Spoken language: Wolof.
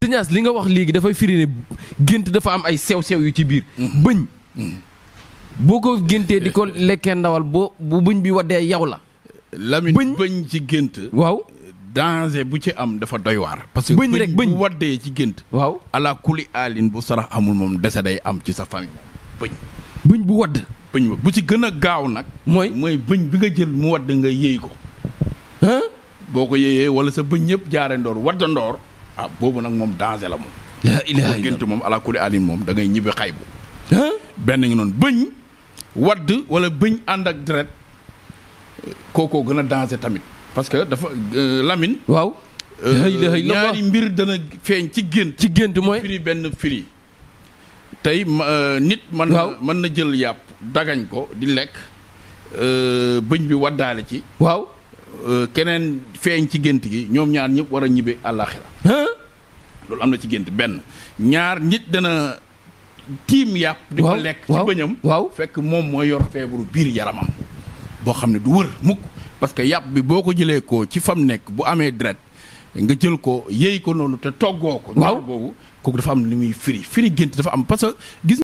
sëñaas li nga wax léegi dafay firi ne gént dafa am ay sew-sew yu ci biir bëñ boo ko géntee di ko lekkee ndawal boo bu bëñ bi waddee yow la Lamine bëñ ci gént waaw danger bu ci am dafa doy waar parce que bëñ rek bëñ waddee ci gént waaw ala kuli aalin bu sarax amul moom dese day am ci sa famille bëñ bëñ bu wadd bëñ bu ci gën a gaaw nag mooy mooy bëñ bi nga jël mu wadd nga yëy ko boo ko yëyee wala sa bëñ ñëpp jaare ndoor wadd ndoor ah boobu nag moom danger la moom. la ilaha illallah gént moom ala kulli alim moom da ngay ñibbi xaybu. benn ngi noonu bëñ. wadd wala bëñ ànd ak deret kookoo gën a danger tamit. parce que dafa euh, Lamine. waaw. Euh, ñaari mbir dana feeñ ci gént. ci gént mooy firi benn firi. tey euh, nit. man na mën na jël yàpp dagañ ko di lekk. bëñ bi waddaale ci. waaw. keneen feeñ ci gént gi ñoom ñaan ñëpp war a ñibbi àllaaxira loolu am na ci gént benn ñaar nit dana tiim yàpp di ko lekk ci bëñam waaw fekk moom mooy yor feebaru biir yaramam boo xam ne du wër mukk parce que yàpp bi boo ko jëlee ko ci fam nekk bu amee deret nga jël ko yéey ko noonu te toggoo ko waaw boobu kooku dafa am li muy firi firi gént dafa am parce gis